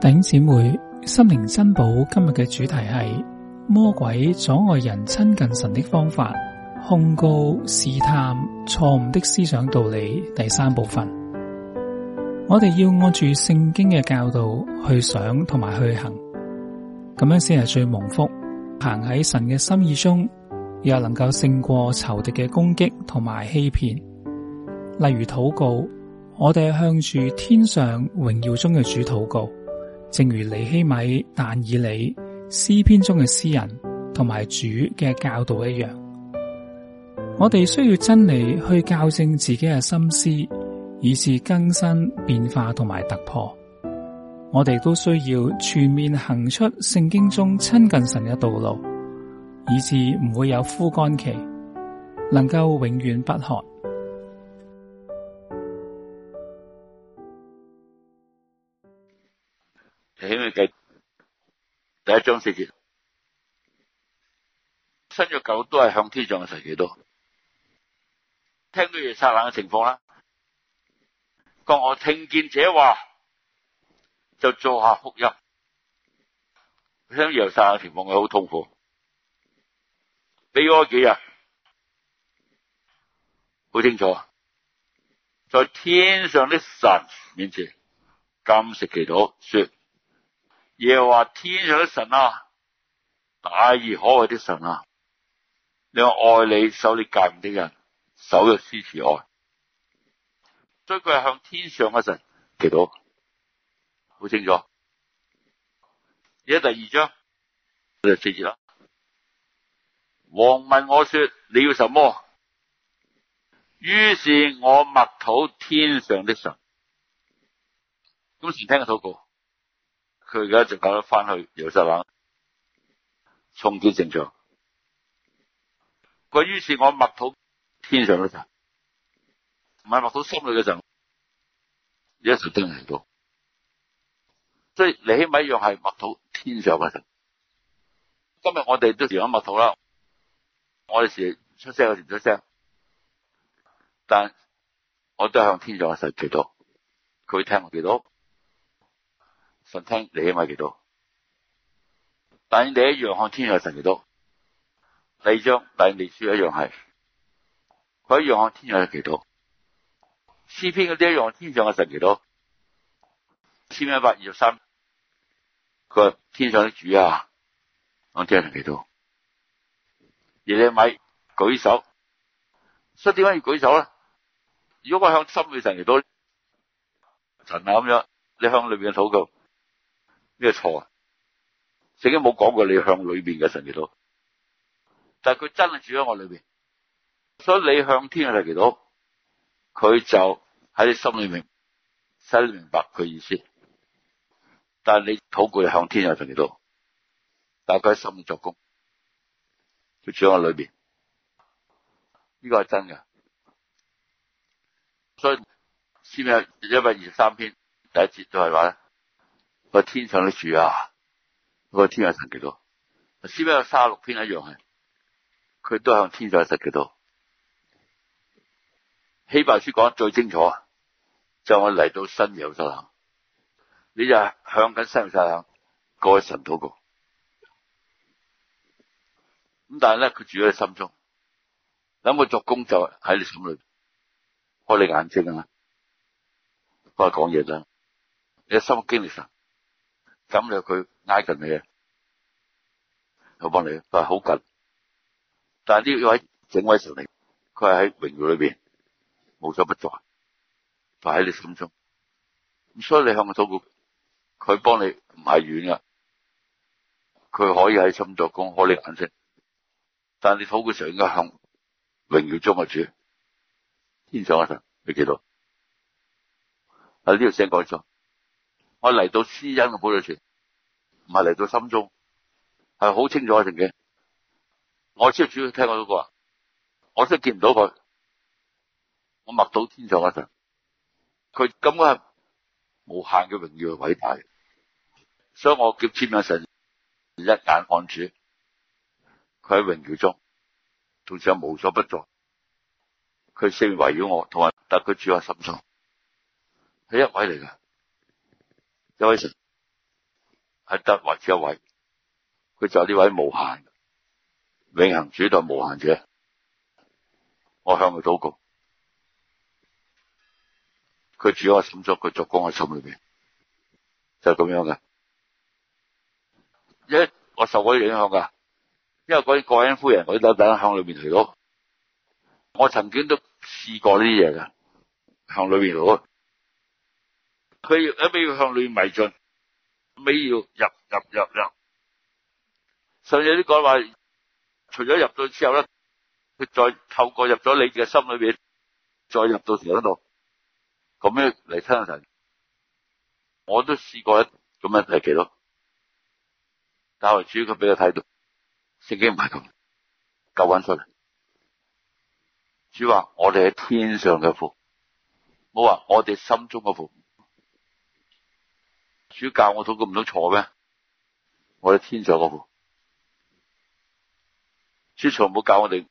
弟兄姊妹，心靈珍寶今日嘅主題係魔鬼阻礙人親近神的方法，控告、試探、錯誤的思想道理第三部分。我哋要按住聖經嘅教導去想同埋去行，咁樣先係最蒙福。行喺神嘅心意中，又能夠勝過仇敵嘅攻擊同埋欺騙。例如禱告，我哋向住天上榮耀中嘅主禱告。正如尼希米、但以理、詩篇中嘅詩人同埋主嘅教導一樣，我哋需要真理去校正自己嘅心思，以至更新、變化同埋突破。我哋都需要全面行出聖經中親近神嘅道路，以致唔會有枯乾期，能夠永遠不渴。尼希米記第一章四節，新約舊都係向天上嘅神祈禱。聽到耶撒冷嘅情況啦，當我聽見這話，就坐下哭泣。聽到耶撒冷嘅情況，佢好痛苦，悲哀幾日，好清楚。在天上的神面前，禁食祈禱，說。耶和華天上的神啊，大而可畏的神啊，你愛你守你誡命的人，守約施慈愛。所以佢係向天上嘅神祈禱，好清楚。而家第二章，就是、四節啦。王問我說：你要什麼？於是我默禱天上的神，今時聽佢禱告。佢而家就搞到翻去油炸冷，衝擊正常，佢於是我，我默禱天上嘅神，唔係默禱心裏嘅神，而家才真嚟到。所以，你起碼一樣係默禱天上嘅神。今日我哋都試過默禱啦，我哋時出聲，我時出聲，但我都向天上嘅神最多，佢聽我幾多？想聽你阿米幾多？但你一樣看天上嘅神幾多？第二章第二列書一樣係，佢一樣看天上嘅神幾多？詩篇嗰啲一樣看天上嘅神幾多？詩篇一百二十三，佢話天上嘅主啊，我聽神幾多？尼希米舉手，所以點解要舉手咧？如果我向心裏神幾多神啊咁樣，你向裏邊嘅禱告。咩錯啊？聖經冇講過你向裏邊嘅神祈禱，但係佢真係住喺我裏邊，所以你向天嘅神祈禱，佢就喺你心裏面，真明白佢意思。但係你禱告向天嘅神祈禱，但係佢喺心裏作工，佢住喺我裏邊，呢個係真嘅。所以詩篇一百二十三篇第一節都係話咧。個天上都主啊！個天上神幾多？詩篇有卅六篇一樣係，佢都向天上神祈禱。希伯來書講得最清楚，就是，我嚟到新有神壇，你就向緊新有神壇，各位神禱告。咁但係咧，佢住喺你心中，等佢作工就喺你心裏開你眼睛啦，我講嘢啦，你喺心中經歷神。咁你佢挨近你啊，我幫你啊，但係好近。但係呢位整位神嚟，佢係喺榮耀裏邊無所不在，就喺你心中。咁所以你向佢禱告，佢幫你唔係遠啊，佢可以喺心作工開你眼睛。但係你禱告時候應該向榮耀中嘅主。天上啊神，你記到？啊呢個聲講錯。我嚟到私隱嘅保佑權，唔係嚟到心中，係好清楚一定嘅。我知道主要聽我嗰個話，我都見唔到佢，我默到天上一陣，佢咁係無限嘅榮耀嘅偉大，所以我叫天眼神一眼看住佢喺榮耀中，同時又無所不在。佢四圍繞我，同埋但佢住喺心中，係一位嚟嘅。因為神德或者一位，佢就呢位無限，永恆主就無限者，我向佢禱告，佢主要我心足，佢作工喺心裏邊，就係咁樣嘅。因為我受過影響噶，因為嗰啲個人夫人，我等等向裏邊嚟。我曾經都試過呢啲嘢噶，向裏邊攞。佢要一味要向裏迷進，尾要入入入入，甚至啲講話，除咗入到之後咧，佢再透過入咗你哋嘅心裏邊，再入到時嗰度，咁樣嚟聽神。我都試過一咁樣係幾多？教係主佢俾佢睇到，聖經唔係咁，救翻出嚟。主話：我哋喺天上嘅父，冇話我哋心中嘅父。主教我禱告唔到錯咩？我哋天上嗰部主唔好教我哋，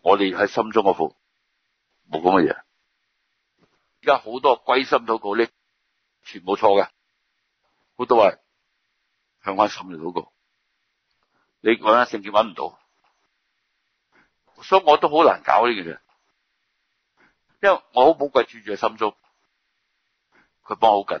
我哋喺心中嗰部冇講乜嘢。而家好多歸心禱告呢，全部錯嘅。好多話向翻心嚟禱告，你揾下聖經揾唔到，所以我都好難搞呢件事。因為我好寶貴住住喺心中，佢幫我好緊。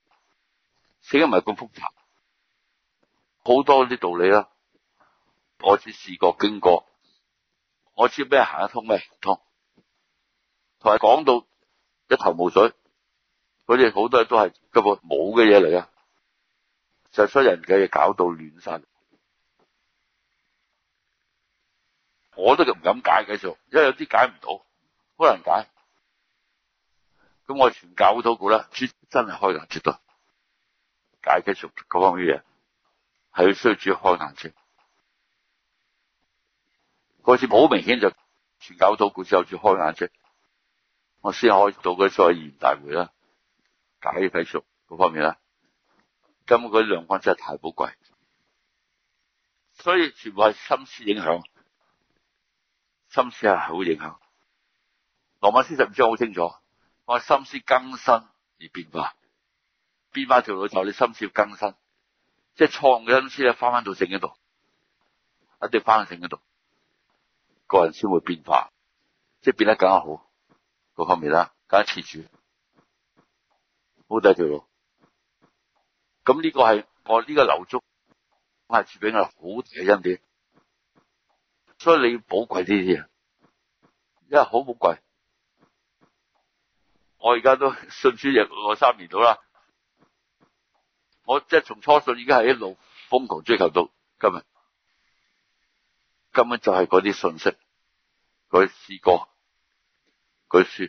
死梗唔係咁複雜，好多啲道理啦。我只試過經過，我知咩行得通咩通，同埋講到一頭霧水，嗰啲好多嘢都係根本冇嘅嘢嚟啊！就將人嘅嘢搞到亂晒。我都就唔敢解繼續，因為有啲解唔到，好難解。咁我全搞到多啦，絕真係開眼絕對。解體術嗰方面嘢，係要需要主要開眼睛。嗰次好明顯就是，全搞到古時有主開眼睛。我先可以到佢所謂言大會啦，解體術嗰方面啦。根本嗰啲良光真係太寶貴，所以全部係心思影響，心思係好影響。羅馬書十五章好清楚，我心意更新而變化。變化條路就你心思要更新，即係創嘅心思咧翻翻到正嗰度，一定翻去正嗰度，個人先會變化，即係變得更加好，個方面啦，更加持住，好第一條路。咁呢個係我呢個流足係賜俾我好大嘅恩典，所以你要寶貴呢啲嘢，因為好寶貴。我而家都信主約我三年到啦。我即係從初信，已經係一路瘋狂追求到今日。今日就係嗰啲信息，佢試過，佢說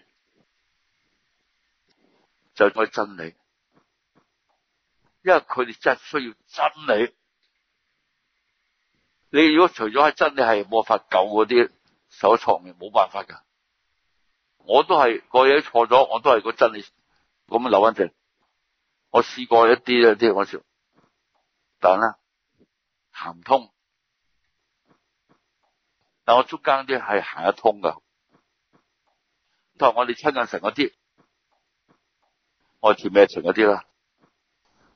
就係、是、真理，因為佢哋真係需要真理。你如果除咗係真理係冇法救嗰啲手藏嘅，冇辦法噶。我都係個嘢錯咗，我都係個真理，咁留翻正。我試過一啲咧，啲我試，但係行唔通。但我中間啲係行得通㗎，係我哋親近神嗰啲，我係咩神嗰啲啦？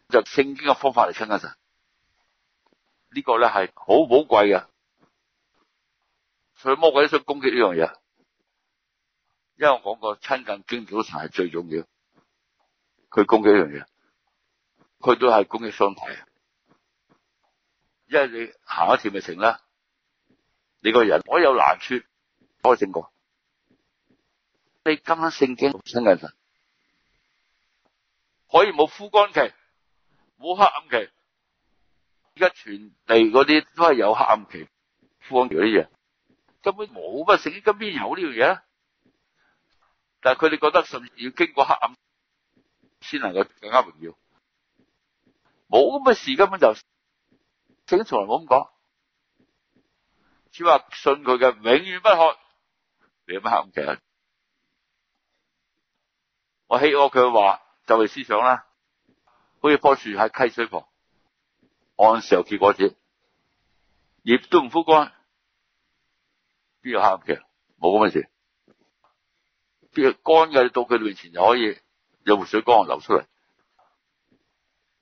就聖經嘅方法嚟親近神，這個、呢個咧係好寶貴嘅。所以魔鬼想攻擊呢樣嘢，因為我講過親近經主神係最重要，佢攻擊呢樣嘢。佢都係公益商體，因為你行一條咪成啦。你個人我有難處，可勝過你今晚聖經親近神，可以冇枯乾期、冇黑暗期。而家全地嗰啲都係有黑暗期、枯乾期嗰啲嘢，根本冇乜聖經。今邊有呢樣嘢？但係佢哋覺得，甚至要經過黑暗先能夠更加榮耀。冇咁嘅事，根本就正從嚟，冇咁講，只話信佢嘅永遠不渴，你有乜坎坷？我希我佢話就嚟思想啦，好似棵樹喺溪水旁，按時候結果子，葉都唔枯乾，邊有坎坷？冇咁嘅事，邊係乾嘅？到佢面前就可以有活水江流出嚟。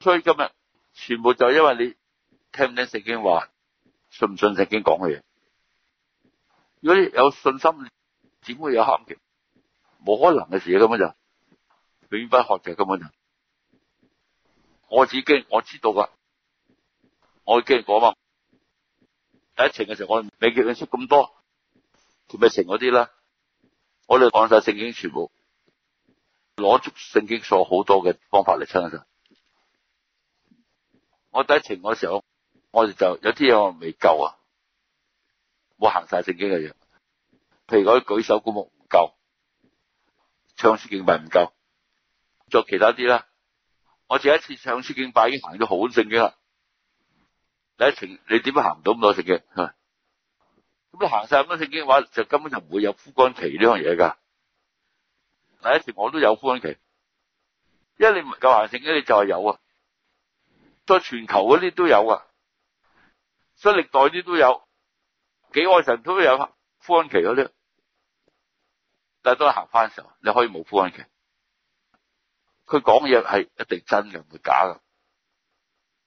所以今日全部就因為你聽唔聽聖經話，信唔信聖經講嘅嘢？如果你有信心，你點會有喊極，冇可能嘅事，根本就永不渴嘅，根本就。我自己我知道噶，我經講啊。第一程嘅時候，我未叫佢出咁多，佢咪成嗰啲啦，我哋講晒聖經，全部攞足聖經所好多嘅方法嚟，親一親。我第一程嗰時候，我哋就有啲嘢我未夠啊，冇行晒聖經嘅嘢，譬如講舉手舉目唔夠，唱詩敬拜唔夠，做其他啲啦。我第一次唱詩敬拜已經行咗好多聖經啦。第一程你點行唔到咁多聖經吓？咁你行晒咁多聖經嘅話，就根本就唔會有枯乾期呢樣嘢噶。第一程我都有枯乾期，因為你唔夠行聖經，你就係有啊。在全球嗰啲都有啊，所以歷代啲都有，幾愛神都有富安奇嗰啲。但係當你行翻嘅時候，你可以冇富安奇，佢講嘢係一定真嘅，唔會假嘅。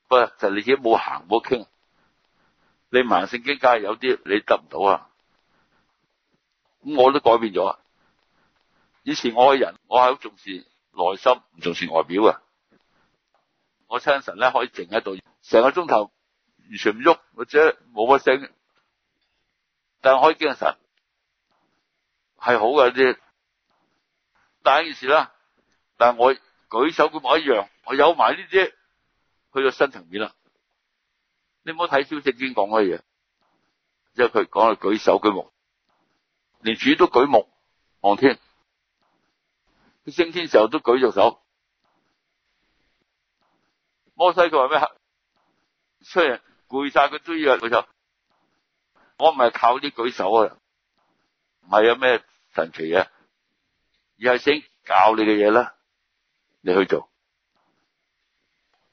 不就你自己冇行冇傾，你慢性經界有啲你得唔到啊。咁我都改變咗啊。以前我嘅人我係好重視內心，唔重視外表啊。我親神咧可以靜喺度，成個鐘頭完全唔喐，或者冇乜聲，但係可以驚神係好嘅啲。但係一件事啦，但係我舉手舉目一樣，我有埋呢啲去到新層面啦。你唔好睇消息先講嘅嘢，因為佢講係舉手舉目，連主都舉目望天，佢升天時候都舉咗手。摩西佢話咩？雖然攰晒，佢都要佢就我唔係靠啲舉手啊，唔係有咩神奇嘅，而係先教你嘅嘢啦，你去做。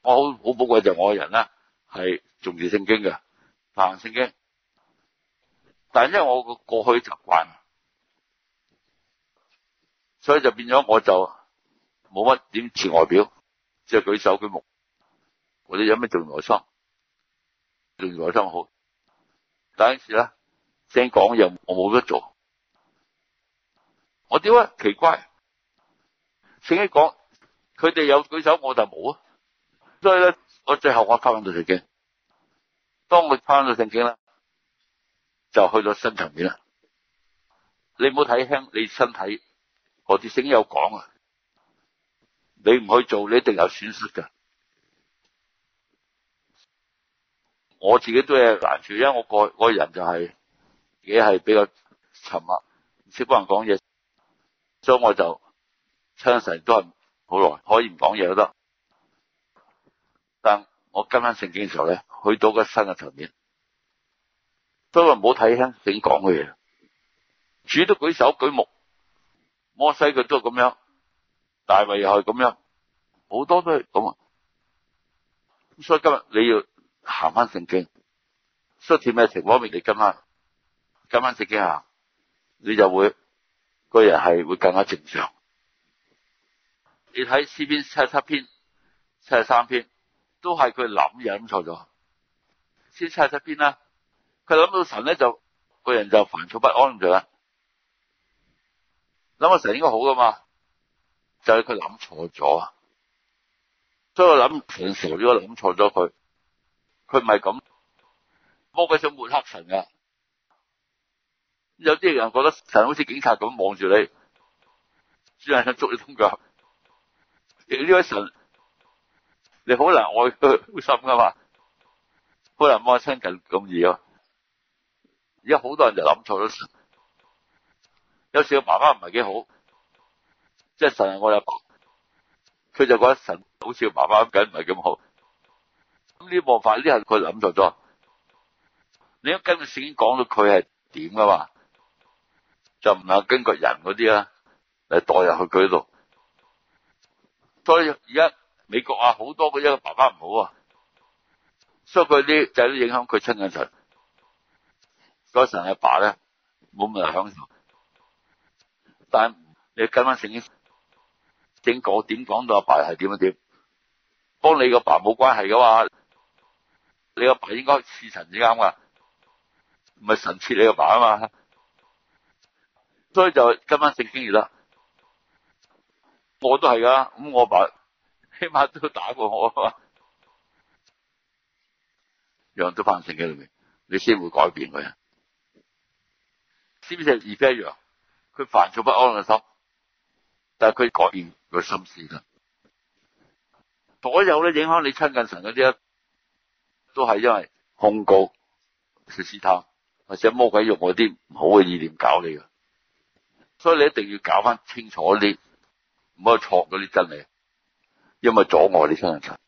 我好好寶貴就是、我嘅人啦，係重視聖經嘅，行聖經。但因為我個過去習慣，所以就變咗我就冇乜點似外表，即、就、係、是、舉手舉目。或者有咩做耐心？做耐心好。但係呢次咧，聖經講又我冇得做。我點啊？奇怪。聖經講，佢哋有舉手，我就冇啊。所以咧，我最後我返到聖經。當我翻到聖經啦，就去到新層面啦。你唔好睇輕你身體，我啲聖經有講啊。你唔去做，你一定有損失噶。我自己都有難處，因為我個個人就係、是，自己係比較沉默，唔識幫人講嘢，所以我就聽成都係好耐，可以唔講嘢都得。但我跟翻聖經嘅時候咧，去到個新嘅層面，所以唔好睇聽點講嘅嘢，主都舉手舉目，摩西佢都係咁樣，大衛又係咁樣，好多都係咁啊。所以今日你要。行翻聖經，出現咩情況？你今晚今晚聖經行，你就會個人係會更加正常。你睇詩篇七七篇七十三篇，都係佢諗嘢諗錯咗。先七七篇啦，佢諗到神咧就個人就煩躁不安咁啦，諗個神應該好噶嘛，就係佢諗錯咗。所以我諗成時如果諗錯咗佢。佢唔係咁，魔鬼想抹黑神啊，有啲人覺得神好似警察咁望住你，只係想捉你痛腳。呢位神，你好難愛佢心噶嘛？好難望得親近咁易咯。而家好多人就諗錯咗神。有時少爸爸唔係幾好，即、就、係、是、神係我阿爸，佢就覺得神好似爸爸咁緊，唔係咁好。咁呢部法呢下佢諗錯咗，你跟住聖經講到佢係點噶嘛，就唔能跟住人嗰啲呀。你代入去佢度。所以而家美國啊，好多嗰一個爸爸唔好啊，所以佢啲仔都影響佢親近神，嗰時，阿爸咧冇咩享受，但係你跟翻聖經，聖經點講到阿爸係點樣點，幫你個爸冇關係噶話。你個爸，爸應該似神先啱噶，唔係神似你個爸啊嘛，所以就跟翻聖經嚟啦。我都係噶，咁我爸，爸起碼都打過我啊嘛，讓到翻聖經裏邊，你先會改變佢啊。先神二哥一樣，佢煩躁不安嘅心，但係佢改變佢心思噶，所有咧影響你親近神嗰啲。都係因為控告、試探或者魔鬼用我啲唔好嘅意念搞你嘅，所以你一定要搞翻清楚啲，唔好去錯啲真理，因為阻礙你親近神。